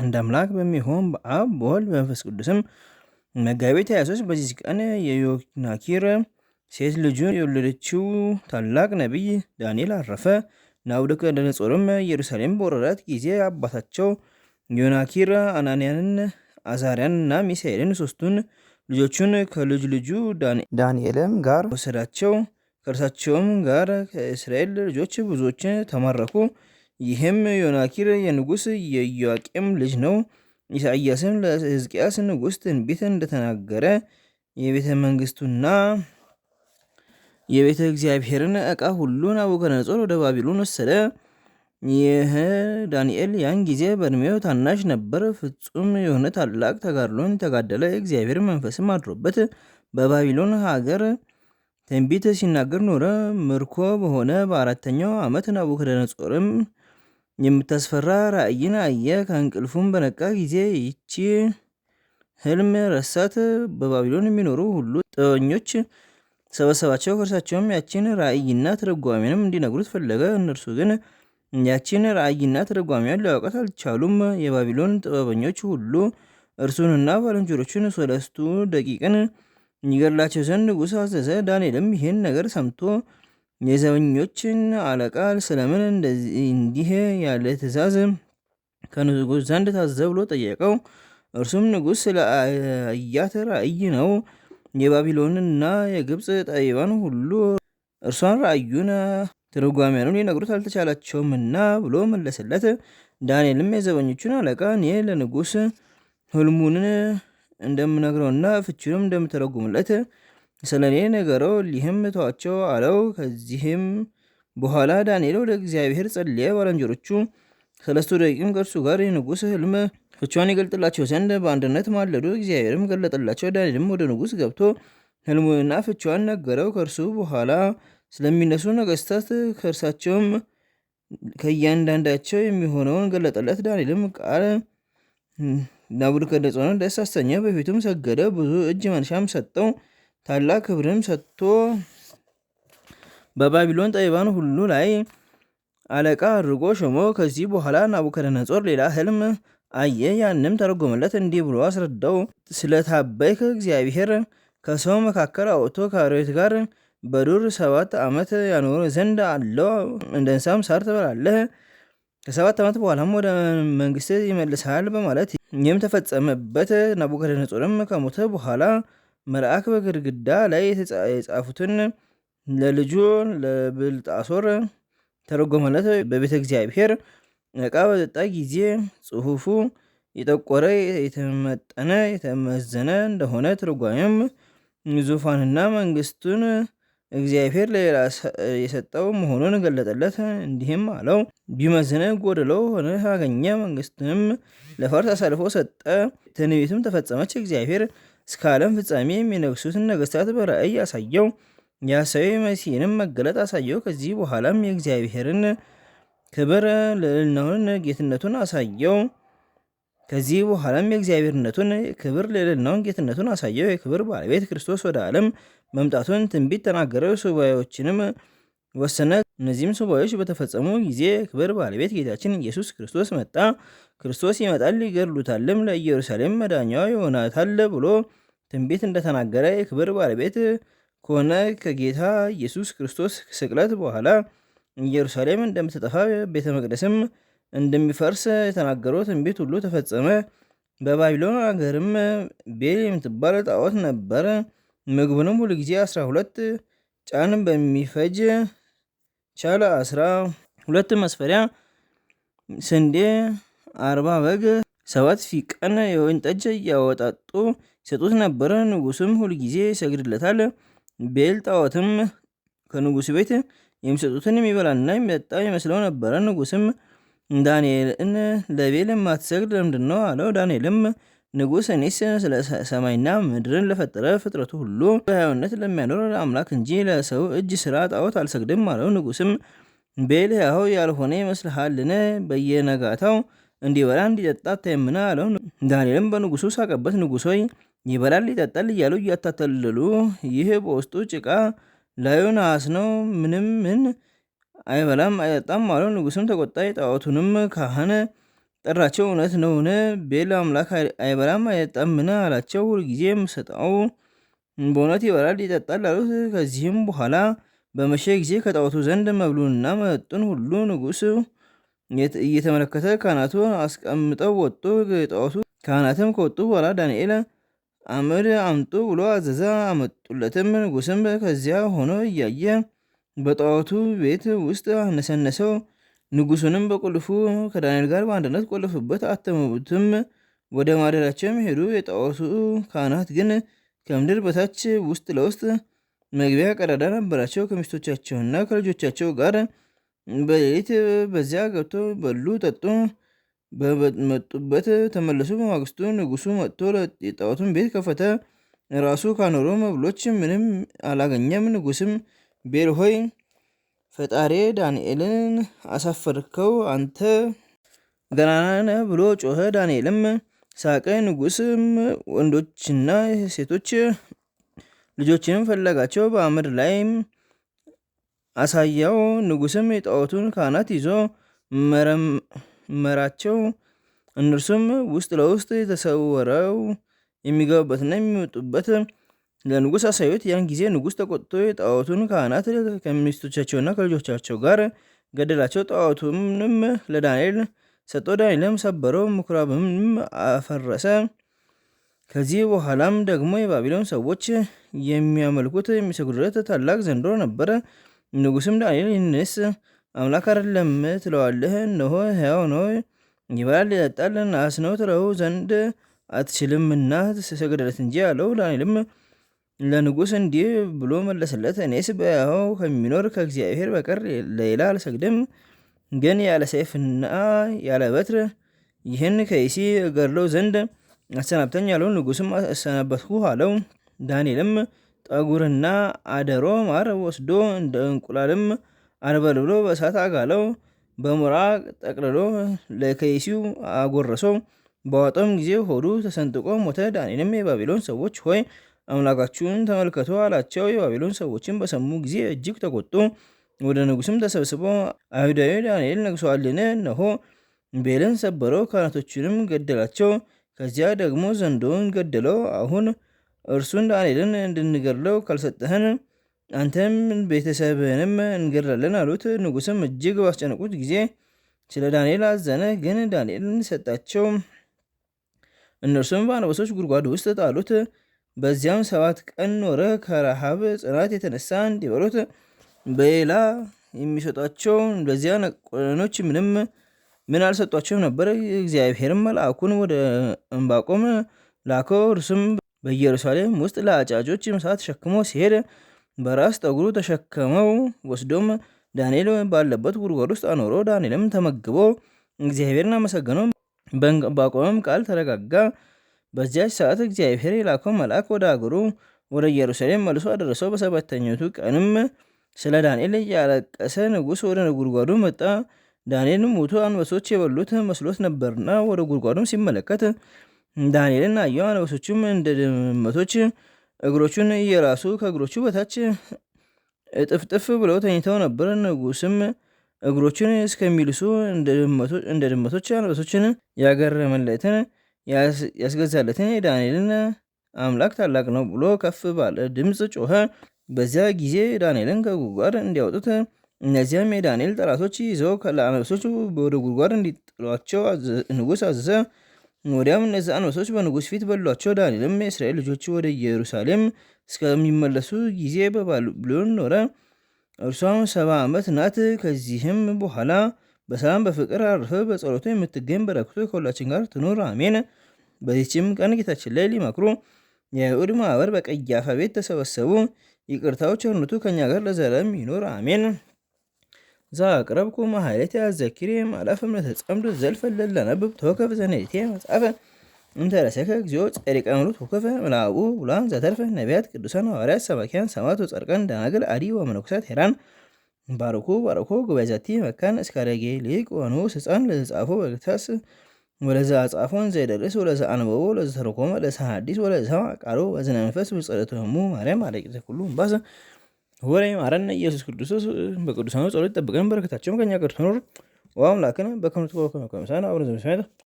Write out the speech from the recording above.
አንድ አምላክ በሚሆን በአብ በወልድ በመንፈስ ቅዱስም መጋቢት 23 በዚህ ቀን የዮናኪር ሴት ልጁን የወለደችው ታላቅ ነቢይ ዳንኤል አረፈ። ናቡከደነጾርም ኢየሩሳሌም በወረራት ጊዜ አባታቸው ዮናኪር አናንያንን፣ አዛርያን እና ሚሳኤልን ሶስቱን ልጆቹን ከልጅ ልጁ ዳንኤልም ጋር ወሰዳቸው። ከእርሳቸውም ጋር ከእስራኤል ልጆች ብዙዎች ተማረኩ። ይህም ዮናኪር የንጉሥ የኢዮአቄም ልጅ ነው። ኢሳያስም ለሕዝቅያስ ንጉሥ ትንቢት እንደተናገረ የቤተ መንግስቱና የቤተ እግዚአብሔርን ዕቃ ሁሉ ናቡከደነጾር ወደ ባቢሎን ወሰደ። ይህ ዳንኤል ያን ጊዜ በእድሜው ታናሽ ነበር። ፍጹም የሆነ ታላቅ ተጋድሎን የተጋደለ እግዚአብሔር መንፈስም አድሮበት በባቢሎን ሀገር ትንቢት ሲናገር ኖረ። ምርኮ በሆነ በአራተኛው ዓመት ናቡከደነጾርም የምታስፈራ ራእይን አየ። ከእንቅልፉም በነቃ ጊዜ ይቺ ህልም ረሳት። በባቢሎን የሚኖሩ ሁሉ ጥበበኞች ሰበሰባቸው። ከእርሳቸውም ያቺን ራእይና ተረጓሚንም እንዲነግሩት ፈለገ። እነርሱ ግን ያቺን ራእይና ተረጓሚን ሊያውቃት አልቻሉም። የባቢሎን ጥበበኞች ሁሉ እርሱንና ባልንጀሮቹን ሰለስቱ ደቂቅን ይገድላቸው ዘንድ ንጉሥ አዘዘ። ዳንኤልም ይህን ነገር ሰምቶ የዘበኞችን አለቃ ስለምን እንደዚህ እንዲህ ያለ ትእዛዝ ከንጉስ ዘንድ ታዘ ብሎ ጠየቀው። እርሱም ንጉስ ስለ አያት ራእይ ነው። የባቢሎንና የግብፅ ጠቢባን ሁሉ እርሷን ራእዩን ትርጓሜያኑን ሊነግሩት አልተቻላቸውምና ብሎ መለሰለት። ዳንኤልም የዘበኞቹን አለቃ እኔ ለንጉስ ህልሙንን እንደምነግረውና ፍቺውንም እንደምተረጉምለት ስለ እኔ ንገረው እሊህም አለው። ከዚህም በኋላ ዳንኤል ወደ እግዚአብሔር ጸልየ ባልንጀሮቹ ሰለስቱ ደቂቅም ከእርሱ ጋር የንጉሥ ህልም ፍቿን ይገልጥላቸው ዘንድ በአንድነት ማለዱ። እግዚአብሔርም ገለጠላቸው። ዳንኤልም ወደ ንጉሥ ገብቶ ህልሙንና ፍቿን ነገረው። ከእርሱ በኋላ ስለሚነሱ ነገስታት ከእርሳቸውም ከእያንዳንዳቸው የሚሆነውን ገለጠለት። ዳንኤልም ቃል ናቡከደነፆርን ደስ አሰኘ። በፊቱም ሰገደ። ብዙ እጅ መንሻም ሰጠው። ታላቅ ክብርም ሰጥቶ በባቢሎን ጠይባን ሁሉ ላይ አለቃ አድርጎ ሾሞ። ከዚህ በኋላ ናቡከደነጾር ሌላ ህልም አየ። ያንም ተረጎመለት እንዲህ ብሎ አስረዳው። ስለታበይክ እግዚአብሔር ከሰው መካከል አውጥቶ ከአራዊት ጋር በዱር ሰባት ዓመት ያኖር ዘንድ አለው። እንደ እንስሳም ሳር ትበላለህ። ከሰባት ዓመት በኋላም ወደ መንግስት ይመልሳል በማለት ይህም ተፈጸመበት። ናቡከደነጾርም ከሞተ በኋላ መልአክ በግድግዳ ላይ የጻፉትን ለልጁ ለብልጣሶር ተረጎመለት። በቤተ እግዚአብሔር ዕቃ በጠጣ ጊዜ ጽሑፉ የጠቆረ የተመጠነ የተመዘነ እንደሆነ ትርጓሜም ዙፋንና መንግስቱን እግዚአብሔር ለሌላ የሰጠው መሆኑን ገለጠለት። እንዲህም አለው፣ ቢመዝነ ጎደለው ሆነ አገኘ። መንግስትንም ለፋርስ አሳልፎ ሰጠ። ትንቢትም ተፈጸመች። እግዚአብሔር እስከ ዓለም ፍጻሜ የሚነግሱትን ነገስታት በራእይ ያሳየው። ያሰው የመሲህንም መገለጥ አሳየው። ከዚህ በኋላም የእግዚአብሔርን ክብር ልዕልናውን፣ ጌትነቱን አሳየው። ከዚህ በኋላም የእግዚአብሔርነቱን ክብር ልዕልናውን፣ ጌትነቱን አሳየው። የክብር ባለቤት ክርስቶስ ወደ ዓለም መምጣቱን ትንቢት ተናገረው። ሱባኤዎችንም ወሰነ። እነዚህም ሱባኤዎች በተፈጸሙ ጊዜ ክብር ባለቤት ጌታችን ኢየሱስ ክርስቶስ መጣ። ክርስቶስ ይመጣል ይገድሉታልም፣ ለኢየሩሳሌም መዳኛዋ ይሆናታል ብሎ ትንቢት እንደተናገረ የክብር ባለቤት ከሆነ ከጌታ ኢየሱስ ክርስቶስ ስቅለት በኋላ ኢየሩሳሌም እንደምትጠፋ ቤተ መቅደስም እንደሚፈርስ የተናገረው ትንቢት ሁሉ ተፈጸመ። በባቢሎን አገርም ቤል የምትባል ጣዖት ነበር። ምግቡንም ሁልጊዜ አስራ ሁለት ጫን በሚፈጅ ቻለ አስራ ሁለት መስፈሪያ ስንዴ አርባ በግ ሰባት ፊቀን የወይን ጠጅ እያወጣጡ ይሰጡት ነበረ። ንጉስም ሁልጊዜ ይሰግድለታል። ቤል ጣዖትም ከንጉስ ቤት የሚሰጡትን የሚበላና የሚጠጣ ይመስለው ነበረ። ንጉስም ዳንኤልን ለቤል የማትሰግድ ለምንድን ነው አለው። ዳንኤልም ንጉሥ እኔስ ስለ ሰማይና ምድርን ለፈጠረ ፍጥረቱ ሁሉ በሕያውነት ለሚያኖር አምላክ እንጂ ለሰው እጅ ስራ ጣዖት አልሰግድም አለው። ንጉሥም ቤል ሕያው ያልሆነ ይመስልሃልን? በየነጋታው እንዲበላ እንዲጠጣ አታይምና አለው። ዳንኤልም በንጉሱ ሳቀበት። ንጉሥ ሆይ ይበላል ይጠጣል እያሉ እያታተለሉ ይህ በውስጡ ጭቃ ላዩ ነሐስ ነው፣ ምንም ምን አይበላም አይጠጣም አለው። ንጉሥም ተቆጣ። ጣዖቱንም ካህን ጠራቸው። እውነት ነውን? ቤል አምላክ አይበላም አይጠጣምና አላቸው። ሁልጊዜ የምሰጠው በእውነት ይበላል ይጠጣል አሉት። ከዚህም በኋላ በመሸ ጊዜ ከጣዖቱ ዘንድ መብሉንና መጠጡን ሁሉ ንጉሥ እየተመለከተ ካህናቱ አስቀምጠው ወጡ። ጣዖቱ ካህናትም ከወጡ በኋላ ዳንኤል አመድ አምጡ ብሎ አዘዛ። አመጡለትም። ንጉሥም ከዚያ ሆኖ እያየ በጣዖቱ ቤት ውስጥ አነሰነሰው። ንጉሱንም በቁልፉ ከዳንኤል ጋር በአንድነት ቆለፉበት፣ አተሙትም። ወደ ማደሪያቸውም ሄዱ። የጣዖቱ ካህናት ግን ከምድር በታች ውስጥ ለውስጥ መግቢያ ቀዳዳ ነበራቸው። ከሚስቶቻቸውና ከልጆቻቸው ጋር በሌሊት በዚያ ገብቶ በሉ፣ ጠጡ፣ በመጡበት ተመለሱ። በማግስቱ ንጉሱ መጥቶ የጣዖቱን ቤት ከፈተ። ራሱ ካኖሮ መብሎች ምንም አላገኘም። ንጉስም ቤል ሆይ ፈጣሪ ዳንኤልን አሳፈርከው አንተ ገናናነ ብሎ ጮኸ። ዳንኤልም ሳቀ። ንጉስም ወንዶችና ሴቶች ልጆችንም ፈለጋቸው፣ በአመድ ላይም አሳያው። ንጉስም የጣዖቱን ካህናት ይዞ መረመራቸው። እነርሱም ውስጥ ለውስጥ የተሰወረው የሚገቡበትና የሚወጡበት ለንጉሥ አሳዩት። ያን ጊዜ ንጉሥ ተቆጥቶ የጣዖቱን ካህናት ከሚስቶቻቸውና ከልጆቻቸው ጋር ገደላቸው። ጣዖቱንም ለዳንኤል ሰጦ፣ ዳንኤልም ሰበረው፣ ምኩራብንም አፈረሰ። ከዚህ በኋላም ደግሞ የባቢሎን ሰዎች የሚያመልኩት የሚሰግዱለት ታላቅ ዘንዶ ነበረ። ንጉሥም ዳንኤል ይህንስ አምላክ አይደለም ትለዋለህ? እነሆ ሕያው ነው፣ ይበላል፣ ይጠጣል፣ ናስ ነው፣ ትለው ዘንድ አትችልምና ሰገደለት እንጂ አለው። ዳንኤልም ለንጉስ እንዲህ ብሎ መለስለት፣ እኔስ በሕያው ከሚኖር ከእግዚአብሔር በቀር ለሌላ አልሰግድም፣ ግን ያለ ሰይፍና ያለ በትር ይህን ከይሲ እገድለው ዘንድ አሰናብተኝ አለው። ንጉስም አሰናበትኩ አለው። ዳንኤልም ጠጉርና አደሮ ማር ወስዶ እንደ እንቁላልም አንበልብሎ በእሳት አጋለው፣ በሙራ ጠቅልሎ ለከይሲው አጎረሰው። በዋጠውም ጊዜ ሆዱ ተሰንጥቆ ሞተ። ዳንኤልም የባቢሎን ሰዎች ሆይ አምላካችሁን ተመልከቶ አላቸው። የባቢሎን ሰዎችን በሰሙ ጊዜ እጅግ ተቆጡ። ወደ ንጉስም ተሰብስበው አይሁዳዊ ዳንኤል ነግሷልን? እነሆ ቤልን ሰበረው፣ ካህናቶችንም ገደላቸው። ከዚያ ደግሞ ዘንዶውን ገደለው። አሁን እርሱን ዳንኤልን እንድንገድለው ካልሰጠህን አንተም ቤተሰብህንም እንገድላለን አሉት። ንጉስም እጅግ ባስጨነቁት ጊዜ ስለ ዳንኤል አዘነ። ግን ዳንኤልን ሰጣቸው፣ እነርሱም በአንበሶች ጉድጓድ ውስጥ ጣሉት። በዚያም ሰባት ቀን ኖረ። ከረሃብ ጽናት የተነሳ እንዲበሉት በሌላ የሚሰጧቸው በዚያ ነቆነኖች ምንም ምን አልሰጧቸውም ነበር። እግዚአብሔርም መልአኩን ወደ እምባቆም ላከው። እርሱም በኢየሩሳሌም ውስጥ ለአጫጆች ምሳ ተሸክሞ ሲሄድ በራስ ጠጉሩ ተሸከመው። ወስዶም ዳንኤል ባለበት ጉድጓድ ውስጥ አኖሮ ዳንኤልም ተመግቦ እግዚአብሔርን አመሰገነው። በእምባቆምም ቃል ተረጋጋ። በዚያች ሰዓት እግዚአብሔር የላከው መልአክ ወደ አገሩ ወደ ኢየሩሳሌም መልሶ አደረሰው። በሰባተኛቱ ቀንም ስለ ዳንኤል እያለቀሰ ንጉሥ ወደ ጉድጓዱ መጣ። ዳንኤል ሙቶ አንበሶች የበሉት መስሎት ነበርና ወደ ጉድጓዱም ሲመለከት ዳንኤልን አየው። አንበሶቹም እንደ ድመቶች እግሮቹን እየራሱ ከእግሮቹ በታች እጥፍጥፍ ብለው ተኝተው ነበር። ንጉሥም እግሮቹን እስከሚልሱ እንደ ድመቶች አንበሶችን ያገረመለትን ያስገዛለትን የዳንኤልን አምላክ ታላቅ ነው ብሎ ከፍ ባለ ድምፅ ጮኸ። በዚያ ጊዜ ዳንኤልን ከጉድጓድ እንዲያወጡት እነዚያም የዳንኤል ጠላቶች ይዘው ከለአንበሶች ወደ ጉድጓድ እንዲጥሏቸው ንጉሥ አዘዘ። ወዲያም እነዚ አንበሶች በንጉሥ ፊት በሏቸው። ዳንኤልም የእስራኤል ልጆች ወደ ኢየሩሳሌም እስከሚመለሱ ጊዜ በባቢሎን ኖረ። እርሷም ሰባ ዓመት ናት። ከዚህም በኋላ በሰላም በፍቅር አርፈ በጸሎቱ የምትገኝ በረከቱ ከሁላችን ጋር ትኑር አሜን። በዚችም ቀን ጌታችን ላይ ሊመክሩ የአይሁድ ማህበር በቀያፋ ቤት ተሰበሰቡ። ይቅርታው ቸርነቱ ከኛ ጋር ለዘለም ይኖር አሜን። ዘአቅረብኩ ማህሌት አዘኪሬ ማእላፈ እምነተ ጸምድ ዘልፈ ለላነብብ ተወከፍ ዘኔቴ መጽሐፈ እንተረሰከ እግዚኦ ጸሪቀ ምሉት ወከፈ ምልአኡ ብሉዓን ዘተርፈ ነቢያት ቅዱሳን ሐዋርያት ሰባኪያን ሰማዕታት ጻድቃን ደናግል አዲ ወመነኮሳት ሄራን ባርኩ ባርኩ ጉባኤዛቲ መካን እስካረጌ ሊቅ ሆኑ ስፃን ለዝፃፎ በግታስ ወለዛ አጻፎን ዘይደርስ ወለዛ አንበቦ ወለዛ ተረኮመ ለዛ ሐዲስ ወለዛ አቃሮ በዝነ መንፈስ ብጸለቱ ህሙ ማርያም አለቂ ኩሉ ባሰ ወሬ ማረነ ኢየሱስ ክርስቶስ በቅዱሳኑ ጸሎት ጠብቀን በረከታቸውም ከኛ ጋር ትኖር ወአምላክነ በከመ ትኮኑ ከመ ቅዱሳን